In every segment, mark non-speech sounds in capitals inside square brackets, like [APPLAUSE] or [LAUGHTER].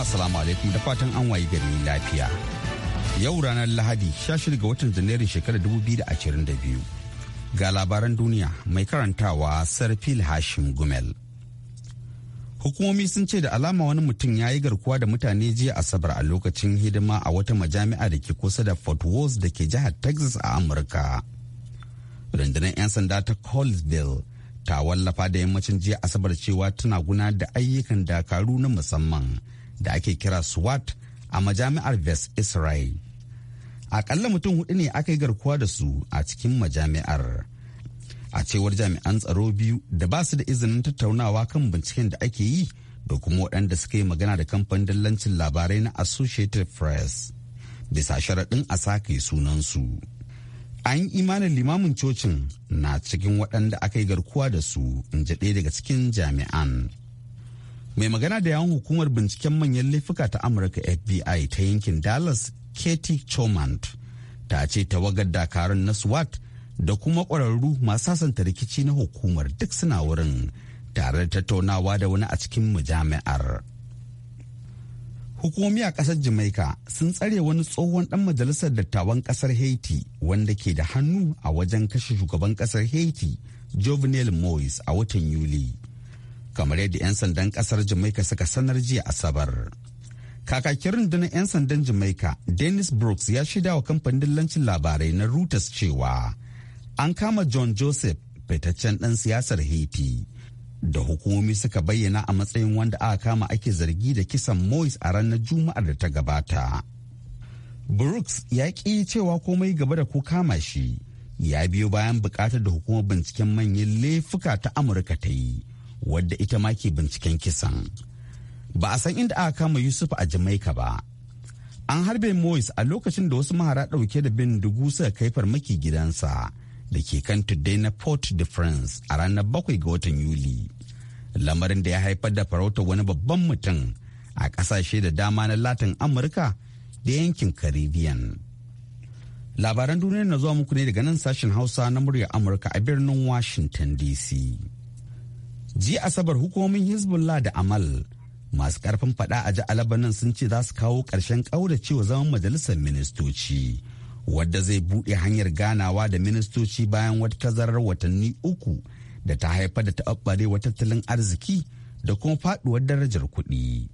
jama'a salamu alaikum da fatan an wayi gari lafiya. Yau ranar Lahadi 16 ga watan Janairun shekarar 2022. Ga labaran duniya mai karantawa Sarfil Hashim Gumel. Hukumomi sun ce da alama wani mutum ya yi garkuwa da mutane jiya Asabar a lokacin hidima a wata majami'a da ke kusa da Fort Worth da ke jihar Texas a Amurka. Rundunar 'yan sanda ta Colesville ta wallafa da yammacin jiya asabar cewa tana guna da ayyukan dakaru na musamman da ake kira swat a majami'ar ves israel akalla mutum hudu ne aka yi garkuwa da su a cikin majami'ar a cewar jami'an tsaro biyu da ba su da izinin tattaunawa kan binciken da ake yi da kuma waɗanda suka yi magana da kamfanin dallancin labarai na associated press bisa sharaɗin a sake sunansu an yi imanin limamin cocin na cikin waɗanda aka yi garkuwa da su in daga cikin jami'an mai magana da yawon hukumar binciken manyan laifuka ta amurka fbi ta yankin dallas katie chomant ta ce tawagar dakarun na swat da kuma kwararru masu sasanta rikici na hukumar duk suna wurin tare da tattaunawa da wani a cikin majami'ar hukumomi a ƙasar jamaica sun tsare wani tsohon ɗan majalisar dattawan ƙasar haiti wanda ke da hannu a wajen kashe shugaban ƙasar haiti jovenel moise a watan yuli kamar yadda 'yan sandan kasar jamaika suka sanar jiya asabar kakakin rundunar 'yan sandan jamaica dennis brooks ya shaida wa kamfanin lancin labarai na reuters cewa an kama john joseph fitaccen dan siyasar haiti da hukumomi suka bayyana a matsayin wanda aka kama ake zargi da kisan moise a ranar juma'ar da ta gabata brooks ya ƙi cewa komai gaba da ko kama shi ya biyo bayan bukatar da hukumar binciken manyan laifuka ta amurka ta yi wadda ita ma ke binciken kisan ba a san inda aka kama yusuf a jamaika ba an harbe mois a lokacin da wasu mahara ɗauke da bin dubu suka kai farmaki gidansa da ke kan tuddai na port de france a ranar bakwai ga watan yuli lamarin da ya haifar da farautar wani babban mutum a ƙasashe da dama na latin amurka da yankin caribbean labaran duniya na zuwa muku ne daga nan sashen hausa na murya amurka a birnin washington dc ji asabar hukumomin hezbollah da amal masu karfin fada a ji alabanan sun ce za su kawo ƙarshen ƙauracewa zaman majalisar ministoci wadda zai buɗe hanyar ganawa da ministoci bayan wata tazarar watanni uku da ta haifar da wa tattalin arziki da kuma faɗuwar darajar kuɗi.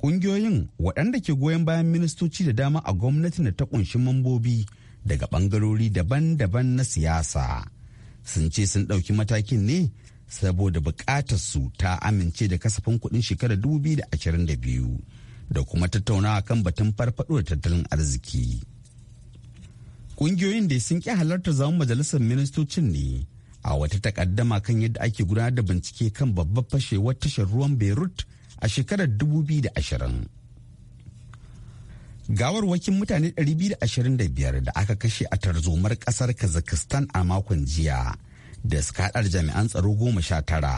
Ƙungiyoyin waɗanda ke goyon bayan ministoci da dama a gwamnati da ta ƙunshi mambobi daga ɓangarori daban-daban na siyasa sun ce sun ɗauki matakin ne saboda bukatar su ta amince da kasafin kuɗin shekarar 2022 da kuma tattaunawa kan batun farfaɗo da tattalin arziki. Ƙungiyoyin da sun ƙi halarta zaman majalisar ministocin ne a wata takaddama kan yadda ake gudanar da bincike kan babbar fashewar tashar ruwan Beirut a shekarar 2020. Gawarwakin mutane 225 da aka kashe a tarzomar ƙasar Kazakhstan a makon jiya da suka jami'an tsaro goma sha tara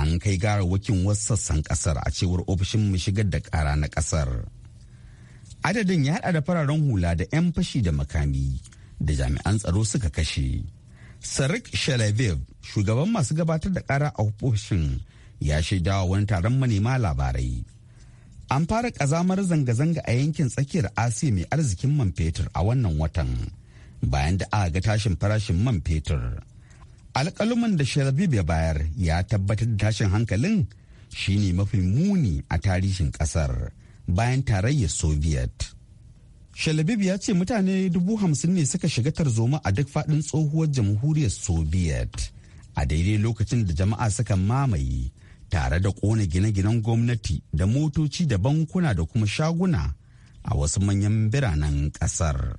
an kai wakin wasu sassan kasar a cewar ofishin mu shigar da kara na kasar adadin ya haɗa da fararen hula da 'yan fashi da makami da jami'an tsaro suka kashe sarik shalaviv shugaban masu gabatar da kara a ofishin ya shaidawa wani taron manema labarai an fara kazamar zanga-zanga a yankin tsakiyar asiya mai arzikin man fetur a wannan watan bayan da aka ga tashin farashin man fetur. alƙaluman da sharabib ya bayar ya tabbatar da tashin hankalin shine mafi muni a tarihin ƙasar bayan tarayyar soviet shalabib ya ce mutane dubu hamsin ne suka shiga tarzoma a duk faɗin tsohuwar jamhuriyar soviet a daidai lokacin da jama'a suka mamaye tare da ƙona gine-ginen gwamnati da motoci da bankuna da kuma shaguna a wasu manyan biranen ƙasar.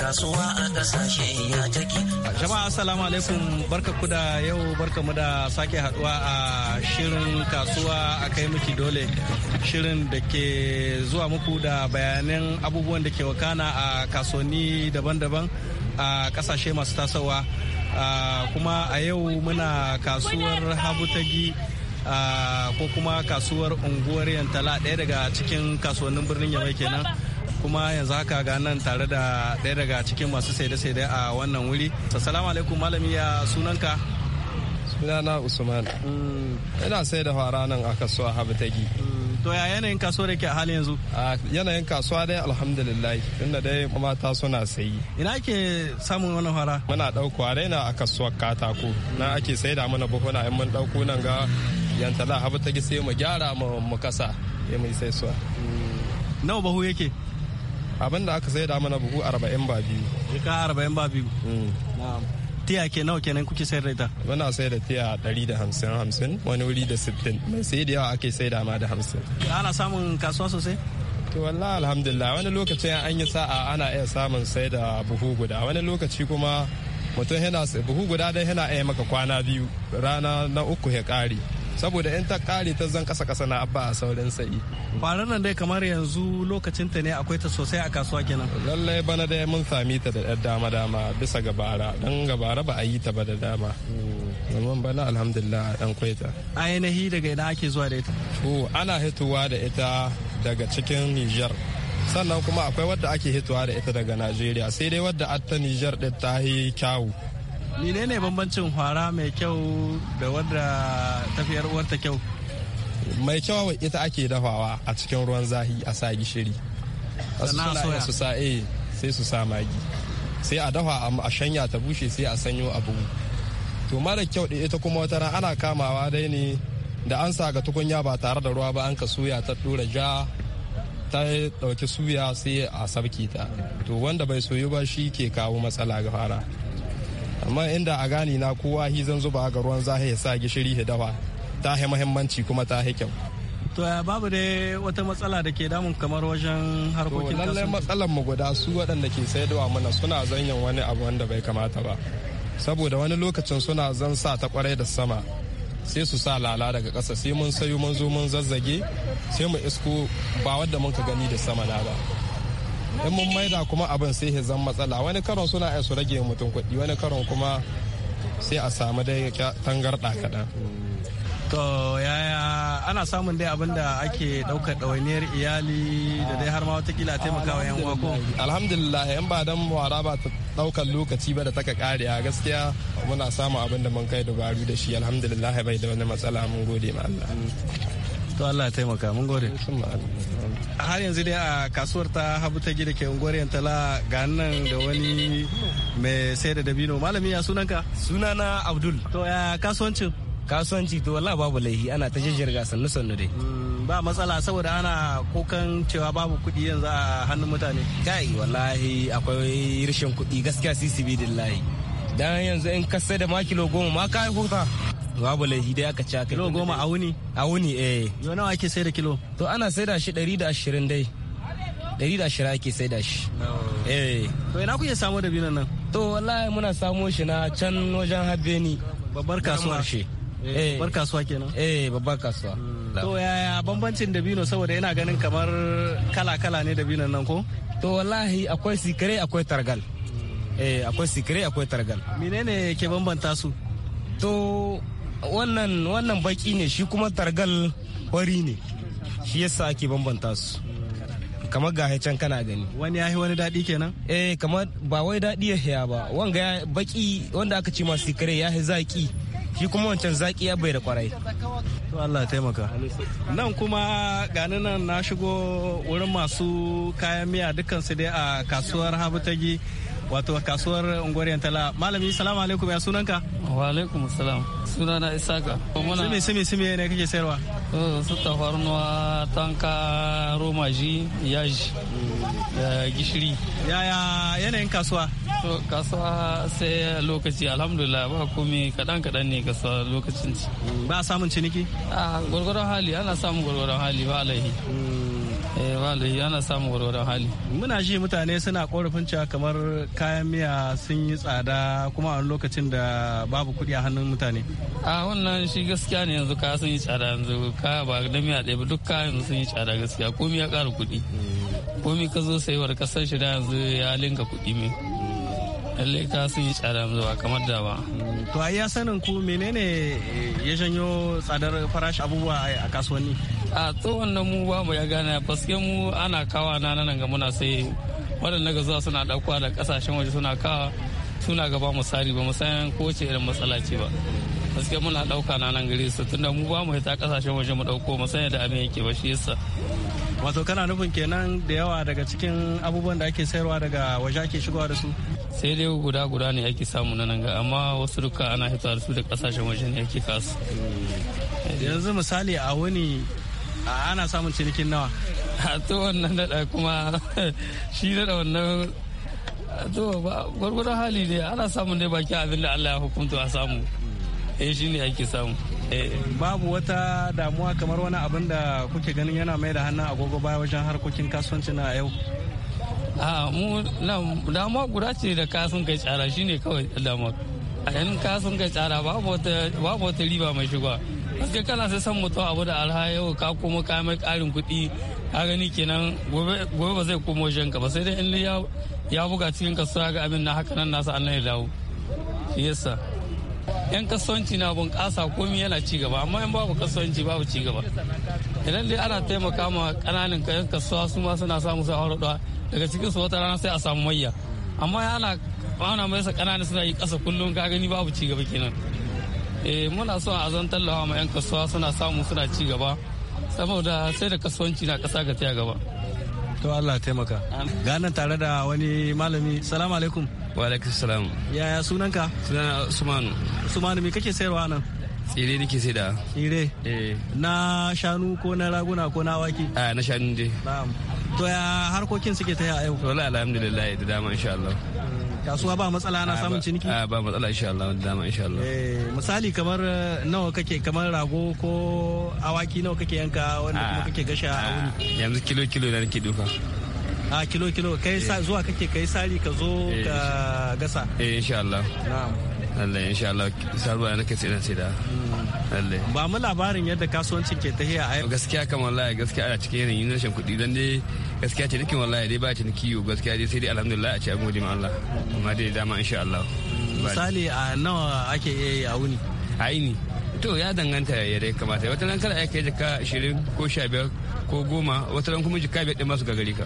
kasuwa a kasashe ya take. Jama'a assalamu alaikum barka ku da yau barka mu da sake haduwa a shirin kasuwa a kai miki dole shirin da ke zuwa muku da bayanan abubuwan da ke wakana a kasuwanni daban-daban a kasashe masu tasowa kuma a yau muna kasuwar habutagi ko kuma kasuwar unguwar yantala ɗaya daga cikin kasuwannin birnin yamai kenan. kuma yanzu haka ga nan tare da ɗaya daga cikin masu saide-saide a wannan wuri assalamu alaikum malami ya sunanka sunana usman hmm. ina sai da fara nan a kasuwa habitagi hmm. to ya yanayin kasuwa da ke a halin yanzu a yanayin kasuwa dai alhamdulillah tunda dai mata suna sayi ina ke samun wani fara muna ɗaukowa dai na a kasuwar katako na ake sai da mana buhuna in mun ɗauko nan ga yantala habitagi sai mu gyara mu kasa ya mai sai suwa hmm. nawa bahu yake abin da aka sai da mana buhu arba'in ba biyu jika arba'in ba biyu mm. tiya ke nawa kenan kuke sayar da ita muna sayar da tiya ɗari da hamsin hamsin wani wuri da sittin mai sai da yawa ake sai da ma da hamsin ana samun kasuwa sosai To wallahi alhamdulillah wani lokacin an yi sa'a ana iya samun sai da buhu guda wani lokaci kuma mutum yana buhu guda dan yana iya maka kwana biyu rana na uku ya kare saboda yan ta kare ta zan kasa kasa na abba a saurin sa'i. kwarar nan dai kamar yanzu lokacin ta ne akwai ta sosai a kasuwa kenan lallai bana dai mun sami ta da dama dama bisa gabara, dan gabara ba a yi ta ba da dama zaman bana alhamdulillah dan kwaita ainihi daga ina ake zuwa da ita to ana hitowa da ita daga cikin Niger sannan kuma akwai wadda ake hitowa da ita daga Najeriya sai dai wadda ta Niger din ta yi kyawu menene bambancin hwara mai kyau da wadda tafiyar uwarta kyau mai kyau ita ake dafawa a cikin ruwan zahi a sa gishiri su sa eh sai su sa magi sai a dafa a shanya ta bushe sai a sanyo a bugu to mara kyau ita kuma wata ana kamawa dai ne da an sa ga tukunya ba tare da ruwa ba an ka suya ta dora ja ta dauki suya sai a sabki ta to wanda bai soyu ba shi ke kawo matsala ga fara amma inda a gani na kowa zan zuba ga ruwan zahe ya sa gishiri ya dawa ta hi muhimmanci kuma ta hi kyau to ya babu dai wata matsala da ke damun kamar wajen harkokin kasuwanci lallai matsalar mu guda su waɗanda ke sayarwa mana suna zanyan wani abu wanda bai kamata ba saboda wani lokacin suna zan sa ta kwarai da sama sai su sa lala daga ƙasa sai mun sayo mun zo mun zazzage sai mu isko ba wadda mun ka gani da sama na ba in mun maida kuma abin sai ya zama matsala wani karon suna ai su rage mutum kuɗi wani karon kuma sai a samu dai tangarɗa kaɗan to yaya ana samun dai abin da ake ɗaukar ɗawainiyar iyali da dai har ma watakila taimaka wa yan uwa ko alhamdulillah yan ba dan wara ba ta ɗaukar lokaci ba da taka kare a gaskiya muna samun abin da mun kai dabaru da shi alhamdulillah bai da wani matsala mun gode ma Allah to Allah ya taimaka mun gode har yanzu dai a kasuwar ta habu ta gida ke unguwar yantala ga nan da wani mai sai da dabino malami ya sunanka sunana abdul to ya kasuwanci kasuwanci to wallahi babu laihi ana ta jajjarga sannu sannu dai hmm, ba matsala saboda ana kokan cewa babu kuɗi yanzu a hannun mutane kai wallahi akwai rashin kuɗi gaskiya sisi layi. dan yanzu in ka sai da makilo goma ma ka huta babu laifi dai aka ci aka kilo goma a wuni a wuni eh yau nawa ake sai da kilo to ana sai da shi ɗari da ashirin dai ɗari da ashirin ake sai da shi eh to ina kuke samo da binan nan to wallahi muna samo shi na can wajen habbeni babbar kasuwar shi eh, eh. babbar kasuwa kenan eh babbar kasuwa hmm. to yaya bambancin dabino saboda ina ganin kamar kala-kala ne dabinon nan ko to wallahi akwai sikire akwai targal hmm. eh akwai sikire akwai targal menene ke bambanta su to wannan wannan baki ne shi kuma targal wari ne shi yasa ake bambanta su kamar ga can kana gani wani ya wani daɗi kenan eh kamar ba wai daɗi ya haya ba wanga ya baki wanda aka ce masu kare ya hi zaki shi kuma wancan zaki ya bai da kwarai to Allah taimaka nan kuma gani nan na shigo wurin masu kayan miya dukkan su dai a kasuwar gi wato kasuwar ungwariyar tala malami salamu alaikum ya sunanka wa alaikum salam sunana isaka sumi sumi sumi ne kake sayarwa oh, su tafarnuwa tanka romaji yaji da gishiri yaya yanayin kasuwa to kasuwa sai lokaci alhamdulillah ba komai kadan kadan ne kasuwa lokacin hmm, ba samun ciniki a ah, gwargwaron hali ana samun gwargwaron hali ba alaihi hmm. Eh, walahi ana samun warwaran hali muna ji mutane suna korafin cewa kamar kayan miya sun yi tsada kuma a lokacin da babu kuɗi a hannun mutane a wannan shi gaskiya ne yanzu kaya sun yi tsada yanzu kaya ba da miya ɗaya ba duk kayan sun yi tsada gaskiya komi ya ƙara kuɗi mm. komi ka zo sayuwar kasar shi yanzu ya linka kuɗi mai lalle ta sun yi tsada zuwa kamar da ba to a iya sanin ku menene eh, ya janyo tsadar farashi abubuwa a kasuwanni a tsohon nan mu ba mu ya gane paske mu ana kawa na nan ga muna sai waɗanda ga zuwa suna ɗaukuwa da ƙasashen waje suna kawa suna gaba misali ba musayan ko ce irin matsala ce ba gaske muna ɗauka na nan gare su tunda mu ba mu hita ƙasashen waje mu ɗauko musayan da abin yake ba shi yasa wato kana nufin kenan da yawa daga cikin abubuwan da ake sayarwa daga waje ake shigowa da su sai dai guda guda ne ake samu na nan ga amma wasu duka ana hita da su da kasashen waje ne ake kasu yanzu misali a wani ana samun cinikin nawa a to wannan daɗa kuma [LAUGHS] shi daɗa wannan to gwargwadon hali ne ana samun ne baki abin da Allah ya hukunta a samu eh shi ne ake samu eh. babu wata damuwa kamar wani abin da kuke ganin yana mai da hannun agogo baya wajen harkokin kasuwanci na yau a mu dama guda ce da ka sun kai tsara ne kawai damar a yan ka kai tsara babu wata riba mai shiga gaskiya kana sai san mutum abu da alhaya ka kuma ka mai karin kuɗi a gani kenan gobe ba zai komo shanka ba sai dai in ya buga cikin kasuwa ga abin na haka nan nasa annan ya dawo yasa yan kasuwanci na bunƙasa komi yana ci gaba amma in babu kasuwanci babu ci gaba idan dai ana taimaka ma kananan kayan kasuwa su ma suna samu sai aure daga cikin su wata rana sai a samu mayya amma ana ana mai sa kananan suna yi kasa kullum ka gani babu ci gaba kenan eh muna so a zan tallawa ma yan kasuwa suna samu suna ci gaba saboda sai da kasuwanci na kasa ga tiya gaba to Allah taimaka gana tare da wani malami salamu alaikum wa alaikum salam yaya sunanka sunana usmanu usmanu me kake sayarwa nan tsire nake sai da tsire eh. na shanu ko na raguna ko na waki a na shanu dai to ya harkokin suke ta yau to la alhamdulillah da dama insha Allah hmm, kasuwa ba matsala na samun ciniki a ba matsala insha Allah da dama insha Allah eh, misali kamar eh, nawa kake kamar rago ko awaki nawa kake yanka wanda kuma kake gasha a wuni yanzu kilo kilo na nake duka a kilo kilo kai zuwa kake kai sari ka zo ka gasa eh insha Allah na'am lalle insha Allah saruwa nake sai dan sai da lalle ba mu labarin yadda kasuwancin ke tahiya a gaskiya kan wallahi gaskiya a cikin yanayin rashin kuɗi dan dai gaskiya ce nake wallahi dai ba ce ni kiyo gaskiya dai sai dai alhamdulillah a ce an gode ma Allah amma dai dama insha Allah misali a nawa ake iya yi a wuni a yini to ya danganta ya dai kamata wata nan kada aika jika 20 ko 15 ko 10 wata nan kuma jika biyar ɗin masu gagari ka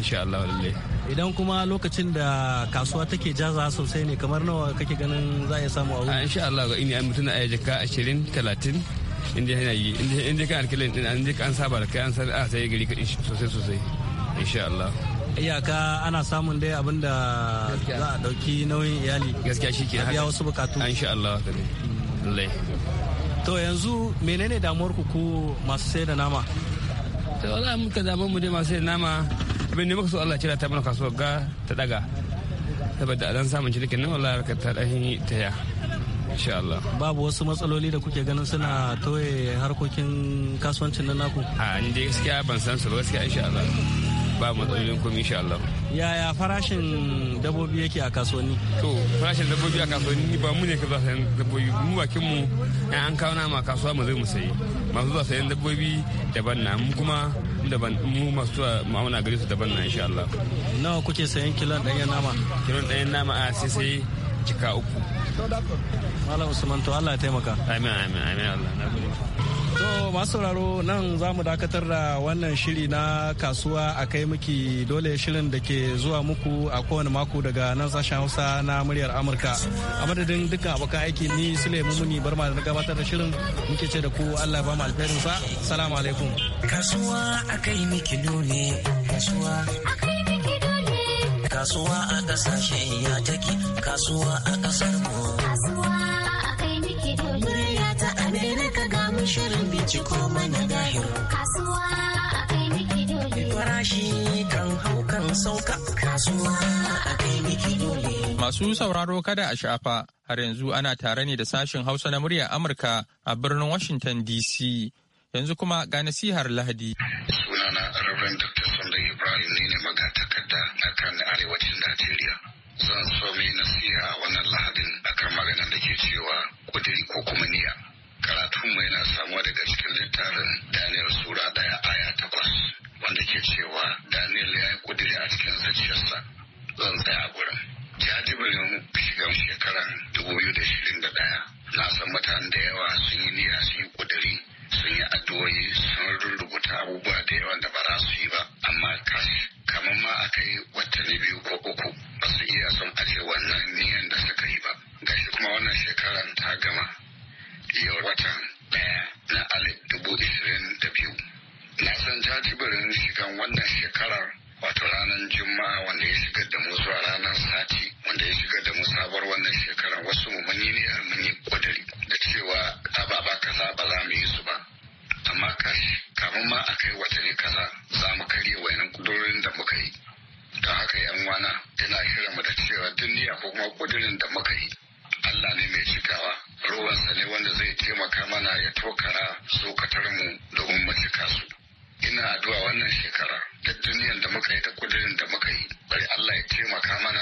insha Allah lallai. idan kuma lokacin da kasuwa take jaza sosai ne kamar nawa kake ganin za a samu a wuri insha Allah ga ini an mutuna a jaka 20 30 inda yana yi inda kan alkilin din an ka an saba da kai an san a sai gari ka sosai sosai insha Allah iyaka ana samun dai abin da za a dauki nauyin iyali gaskiya shi ke biya wasu bukatu insha Allah hmm. to yanzu menene damuwar ku masu sai da nama to wala muka zama mu dai masu sai da nama abin da maka so Allah cira ta mana kasuwar ga ta daga saboda a dan samun cinikin nan wala ka ta dan ta ya insha Allah babu wasu matsaloli da kuke ganin suna toye harkokin kasuwancin nan naku a ni dai gaskiya ban san su ba gaskiya insha Allah ba matsalolin komai insha Allah yaya farashin dabbobi yake a kasuwanni to farashin dabbobi a kasuwanni ba mu ne ka ba san dabbobi mu bakin mu an kawo nama kasuwa mu zai mu sayi masu zuwa sayan dabbobi daban na mu kuma daban mu masu mu'amala gare su daban na insha Allah nawa kuke sayan kilon ɗanyen nama kilon ɗanyen nama a sai sai cika uku Malam Usman to Allah ya taimaka amin amin amin Allah na gode To masu sauraro nan za mu dakatar da wannan shiri na kasuwa a kai miki dole shirin da ke zuwa muku a kowane mako daga nan sashen Hausa na muryar Amurka. A madadin dukkan abokan aiki ni Sule Mumuni ma da gabatar da shirin muke ce da ku Allah ba mu alherin sa. Salamu alaikum. Kasuwa a kai miki dole. Kasuwa a dole. Kasuwa a kasashen ya take. Kasuwa a kasar mu. Kasuwa a kai miki dole. Murya ta Amerika ga mu shirin. binciko mana gahir. Kasuwa a kai miki dole. Farashi kan hau kan sauka. Kasuwa a kai miki dole. Masu sauraro kada a shafa har yanzu ana tare ne da sashen Hausa na muryar Amurka a birnin Washington DC. Yanzu kuma ga nasihar Lahadi. Sunana Reverend Dr. Sunday Ibrahim ne ne magatakarda a kan arewacin Najeriya. Zan so mai nasiha wannan Lahadin akan maganar da ke cewa kudiri ko kuma niyya. karatun mu yana samuwa daga cikin littafin Daniel Sura ɗaya aya takwas wanda ke cewa Daniel ya yi kudiri a cikin zuciyarsa zan tsaya a gurin. Jajibirin shigan shekaran dubu biyu da shirin da ɗaya na san mutane da yawa sun yi niyya sun yi kudiri sun yi addu'o'i sun rubuta abubuwa da yawa da ba za su yi ba amma kashi kamar ma aka yi watanni biyu ko uku ba su iya son ajiye wannan niyan da suka yi ba gashi kuma wannan shekaran ta gama yau watan daya na alif dubu ishirin da biyu na san jajibirin shigan wannan shekarar wato ranar juma'a wanda ya shigar da mu zuwa ranar sati wanda ya shigar da mu sabuwar wannan shekarar wasu mu ne a mun yi kudiri da cewa ababa kaza ba za mu yi su ba amma kashi kamun ma a kai watanni kaza za mu karye wayannan kudurorin da muka yi don haka yan wana yana shirin mu da cewa duniya ko kuma kudirin da muka yi Allah ne mai cikawa rowansa ne wanda zai taimaka mana ya tokara mu da mu cika su ina addu'a wannan shekara duk duniyar da muka yi da kudirin da muka yi bari Allah ya taimaka mana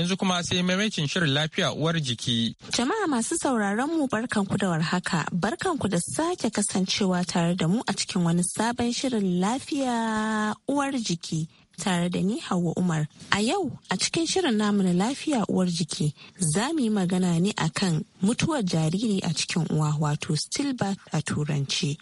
yanzu kuma sai maimacin shirin lafiya uwar jiki. Jama'a masu sauraron mu barkanku da warhaka, barkanku da sake kasancewa tare da mu a cikin wani sabon shirin lafiya uwar jiki. tare da ni Hauwa Umar. A yau a cikin shirin namu na lafiya uwar jiki za mu yi magana ne akan mutuwar jariri a cikin uwa wato stillbirth a turanci.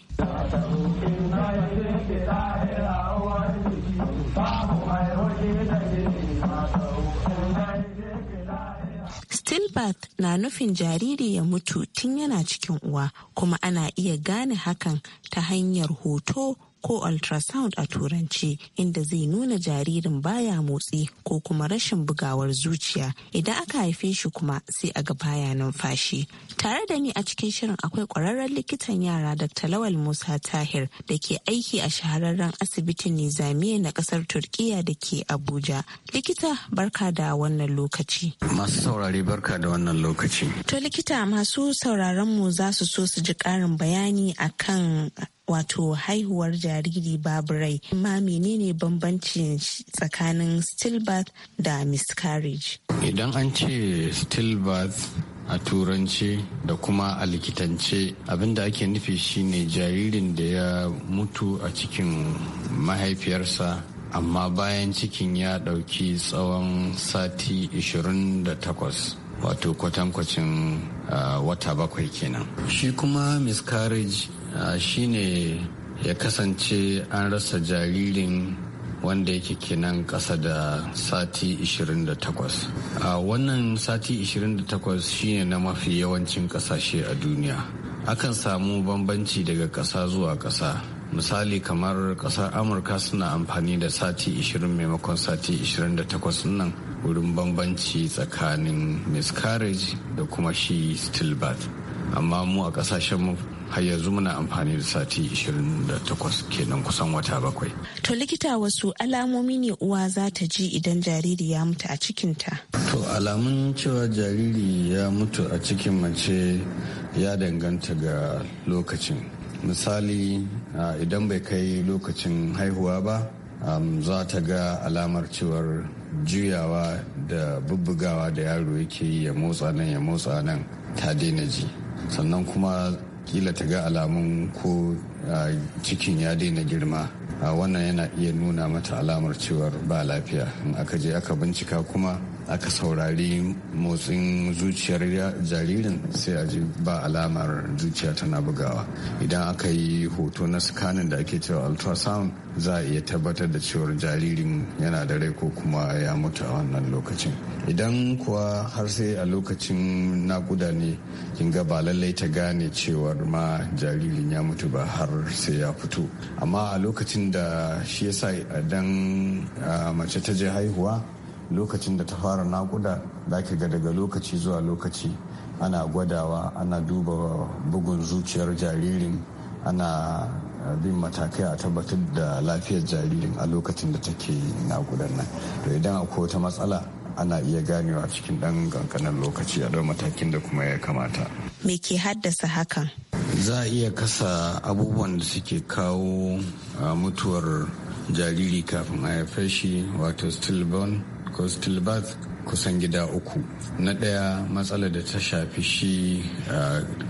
birth na nufin jariri ya mutu tun yana cikin uwa kuma ana iya gane hakan ta hanyar hoto ko ultrasound a turanci inda zai nuna jaririn baya motsi ko kuma rashin bugawar zuciya idan aka haife shi kuma sai a ga baya numfashi tare da ni a cikin shirin akwai kwararren likitan yara dr lawal musa tahir da ke aiki a shahararren asibitin nizamiya na kasar turkiya da ke abuja likita barka da wannan lokaci masu saurare barka da wannan lokaci to likita masu sauraron mu za su so su ji karin bayani akan wato haihuwar jariri babu rai ma menene bambanci tsakanin stillbirth da miscarriage idan an ce stillbirth a turance da kuma a likitance abinda ake nufi shine jaririn da ya mutu a cikin mahaifiyarsa amma bayan cikin ya ɗauki tsawon sati 28 wato kwatankwacin uh, wata bakwai kenan shi kuma miscarriage Ah, shine ya kasance an rasa jaririn wanda yake kenan kasa da sati 28 a ah, wannan sati 28 shine na mafi yawancin kasashe a duniya akan samu bambanci daga kasa zuwa kasa misali kamar kasar amurka suna amfani da sati 20 maimakon sati 28 nan wurin bambanci tsakanin miscarriage da kuma shi stillbirth amma mu a kasashen har yanzu muna amfani da sati 28 kenan kusan wata bakwai. To likita wasu alamomi ne uwa za ta ji idan jariri ya mutu a cikinta? To alamun cewa jariri ya mutu a cikin mace ya danganta ga lokacin. Misali idan bai kai lokacin haihuwa ba, za ta ga alamar cewar juyawa da bubbugawa da yaro yake yi ya motsa nan ya motsa nan ta daina ji. sannan kuma kila ta ga alamun ko cikin ya daina girma wannan yana iya nuna mata alamar cewar ba lafiya in aka je aka bincika kuma aka saurari motsin zuciyar jaririn sai a ji ba alamar zuciya tana bugawa idan aka yi hoto na scanning da ake cewa ultrasound za a iya tabbatar da cewar jaririn yana da rai ko kuma ya mutu a wannan lokacin idan kuwa har sai a lokacin nakuda ne kinga ba lallai ta gane cewar ma jaririn ya mutu ba har sai ya fito amma a lokacin da shi ya sa idan ah, mace ta je haihuwa lokacin da ta fara nakuda za ki ga daga lokaci zuwa lokaci ana gwadawa ana duba bugun zuciyar jaririn ana bin matakai a tabbatar da lafiyar jaririn a lokacin da take nakudan nan to idan akwai wata matsala ana iya ganewa cikin dan kankanin lokaci a dau matakin da kuma ya kamata. Me ke haddasa hakan? Za a iya kasa abubuwan da suke kawo ah, mutuwar jariri kafin a haife shi wato stillborn Coastal bath kusan gida uku na ɗaya matsala da ta shafi shi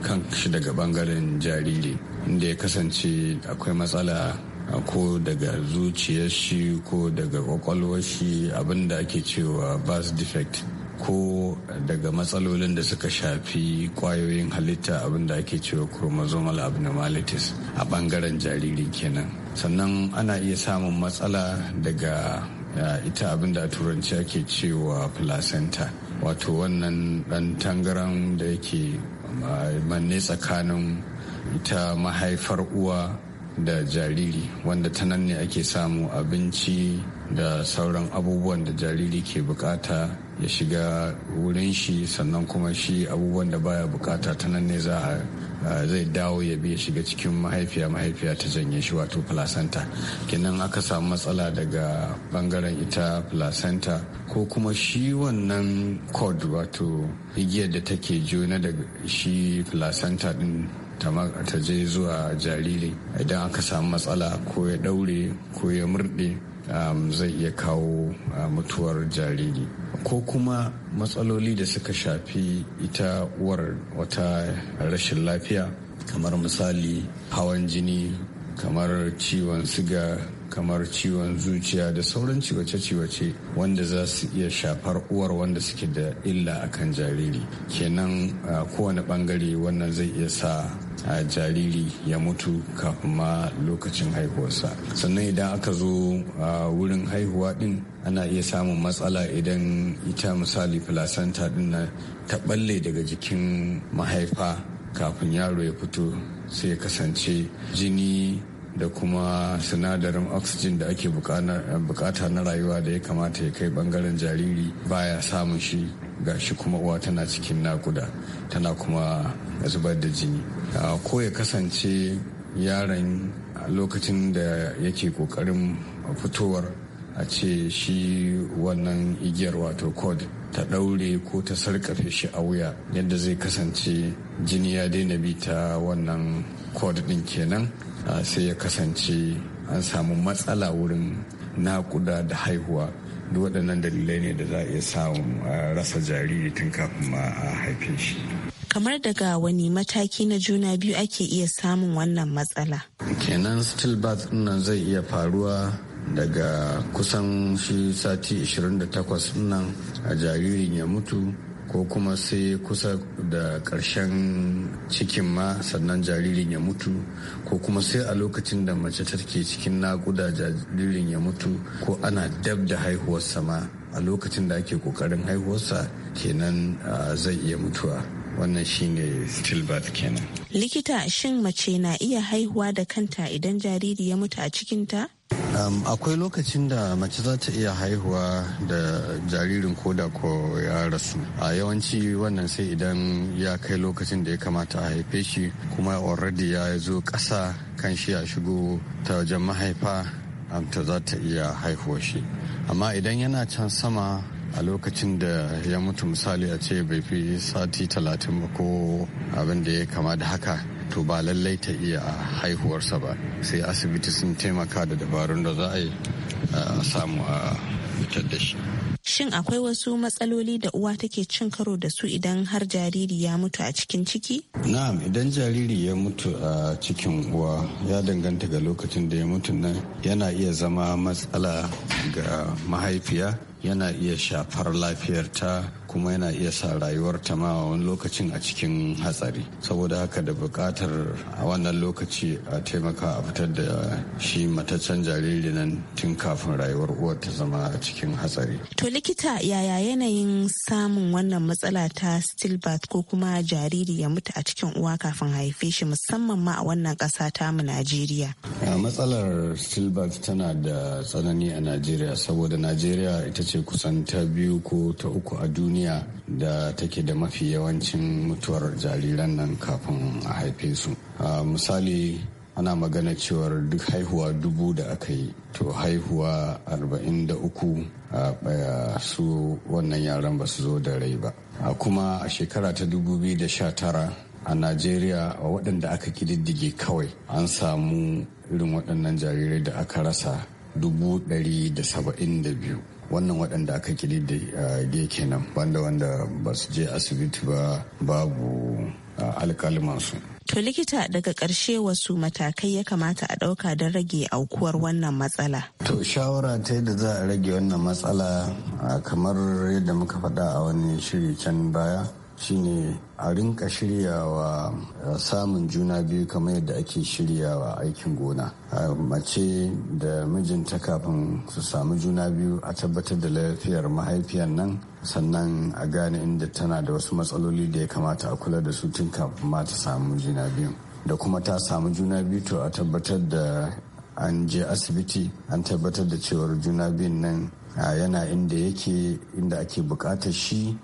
kan shi daga bangaren jariri inda ya kasance akwai matsala ko daga zuciyar shi ko daga kwakwalwar shi abinda ake cewa bas defect ko daga matsalolin da suka shafi kwayoyin halitta abinda ake cewa chromosomal abnormalities a bangaren jariri kenan sannan ana iya samun matsala daga ita abin da turanci ake cewa placenta wato wannan dan tangaran da yake manne tsakanin ita mahaifar uwa da jariri wanda ta nan ne ake samu abinci da sauran abubuwan da jariri ke bukata ya shiga wurin shi sannan kuma shi abubuwan da baya bukata ta nan ne za a zai dawo ya biya shiga cikin mahaifiya mahaifiya ta janye shi wato placenta kenan aka samu matsala daga bangaren ita placenta ko kuma shi wannan cord wato igiyar da take jona da shi placenta din ta je zuwa jariri idan aka samu matsala ko ya daure ko ya murde. Um, zai iya kawo uh, mutuwar jariri ko kuma matsaloli da suka shafi ita uwar wata rashin lafiya kamar misali hawan jini kamar ciwon siga kamar ciwon zuciya da sauran ciwace-ciwace wanda za su iya shafar uwar wanda suke da illa akan jariri kenan kowane bangare wannan zai iya sa a jariri ya mutu kafin ma lokacin haihuwarsa sannan idan aka zo a wurin haihuwa din ana iya samun matsala idan ita misali filasanta din na ta balle daga jikin mahaifa kafin yaro ya fito sai ya kasance jini da kuma sinadarin oxygen da ake bukata na rayuwa da ya kamata ya kai bangaren jariri baya samun shi ga shi kuma uwa tana cikin nakuda tana kuma zubar da jini ko ya kasance yaron lokacin da yake kokarin fitowar a ce shi wannan igiyar wato code ta ɗaure ko ta sarkafe shi a wuya yadda zai kasance jini ya daina bi ta wannan code din kenan sai ya kasance an samu matsala wurin nakuda da haihuwa duk waɗannan dalilai ne da za a iya samun rasa jariri tun kafin ma a haife shi kamar daga wani mataki na juna biyu ake iya samun wannan matsala kenan stillbirth nan zai iya faruwa daga kusan shi sati 28 nan a jaririn ya mutu ko kuma sai kusa da ƙarshen cikin ma sannan jaririn ya mutu ko kuma sai a lokacin da mace take cikin naƙuda jaririn ya mutu ko ana dab da haihuwarsa ma a lokacin da ake ƙoƙarin haihuwarsa kenan ah, zai iya mutuwa wannan shine stillbirth kenan likita shin mace na iya haihuwa da kanta idan jariri ya mutu a cikinta Um, akwai lokacin da mace za ta iya haihuwa da jaririn koda ko ya rasu a yawanci wannan sai idan ya kai lokacin da ya kamata a haife shi kuma already ya zo kasa kan shi ya shigo ta wajen mahaifa um, ta za ta iya haihuwa shi amma idan yana can sama a lokacin da ya mutu misali a ce bai fi sati talatin ba ko abin da ya kama da haka to ba lallai ta iya haihuwarsa ba sai asibiti sun taimaka da dabarun da za a yi samu a fitar da shi shin akwai wasu matsaloli da uwa take cin karo da su idan har jariri ya mutu a cikin ciki? na'am idan jariri ya mutu a cikin uwa ya danganta ga lokacin da ya mutu nan yana iya zama matsala ga mahaifiya yana iya shafar lafiyarta kuma yana iya sa rayuwarta ma wani lokacin a cikin hatsari saboda haka da bukatar a wannan lokaci a taimaka a fitar da shi mataccen jariri nan tun kafin rayuwar uwar ta zama a cikin hatsari to likita yaya yanayin samun wannan matsala ta stillbirth ko kuma jariri ya mutu a cikin uwa kafin haife shi musamman ma a wannan ƙasa ta mu najeriya matsalar stillbirth tana da tsanani a najeriya saboda najeriya ita ce kusan ta biyu ko ta uku a duniya da take da mafi yawancin mutuwar jariran nan kafin a haife su A misali ana magana cewar duk haihuwa dubu da aka yi to haihuwa arba'in da uku, a baya su wannan yaran ba su zo da rai ba a kuma a shekara ta dubu da sha tara a najeriya a waɗanda aka kididdige kawai an samu irin waɗannan jarirai da aka rasa dubu da da saba'in biyu. wannan waɗanda aka ge eh, kenan banda wanda ba su je asibiti ba babu eh, alkalimansu To likita daga ƙarshe wasu matakai ya kamata a ɗauka don rage aukuwar wannan matsala. To shawara ta yadda za a rage wannan matsala eh, kamar yadda muka faɗa a wani shiri can baya shine a rinka shiryawa eh, samun juna biyu kamar yadda ake shiryawa aikin gona eh, mace da mijinta kafin su samu juna biyu a tabbatar da lafiyar mahaifiyar nan sannan a gane inda tana da wasu matsaloli da ya kamata a kula da su tun kafin ma ta samu juna biyu da kuma ta samu juna biyu to a tabbatar da an je asibiti an tabbatar da cewar juna biyun nan yana inda yake inda ake bukatar shi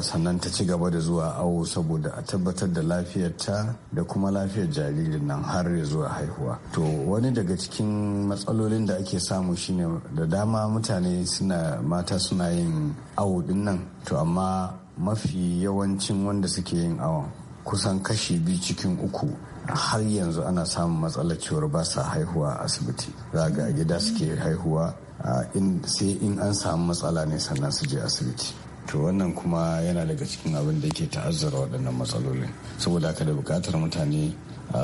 sannan ta ci gaba da zuwa awo saboda a tabbatar da lafiyarta da kuma lafiyar jaririn nan har ya zuwa haihuwa to wani daga cikin matsalolin da ake samu shine da dama mutane suna mata suna yin awo din nan to amma mafi yawancin wanda suke yin awon kusan kashi biyu cikin uku har yanzu ana samun matsalar cewar ba sa haihuwa a asibiti za ga gida suke haihuwa sai in an samu matsala ne sannan su je asibiti to wannan kuma yana daga cikin abin da yake ta'azzara waɗannan matsalolin saboda haka da buƙatar mutane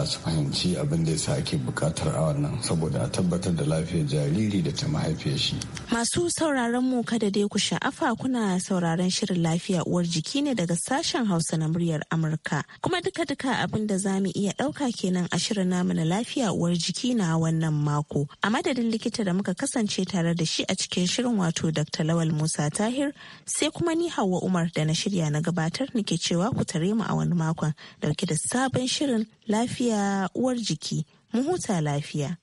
su fahimci abin da yasa ake bukatar a wannan saboda a tabbatar da lafiyar jariri da ta mahaifiyar shi. Masu sauraron mu kada dai ku sha'afa kuna sauraron shirin lafiya uwar jiki ne daga sashen Hausa na muryar Amurka. Kuma duka-duka abin da za mu iya ɗauka kenan a shirin namu na lafiya uwar jiki na wannan mako. A madadin likita da muka kasance tare da shi a cikin shirin wato Dr. Lawal Musa Tahir sai kuma ni Hauwa Umar da na shirya na gabatar nake cewa ku tare mu a wani makon dauke da sabon shirin lafiya uwar jiki mu huta lafiya.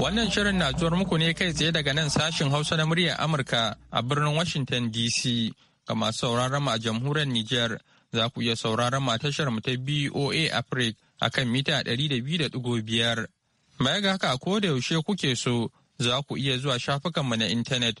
Wannan shirin na zuwar muku ne kai tsaye daga nan sashin Hausa na muryar Amurka a birnin Washington DC ga masu sauraron mu a jamhuriyar Nijar za ku iya sauraron mu a tashar mu ta BOA Africa a kan mita 200.5. mai ga haka ko da yaushe kuke so za ku iya zuwa shafukanmu na intanet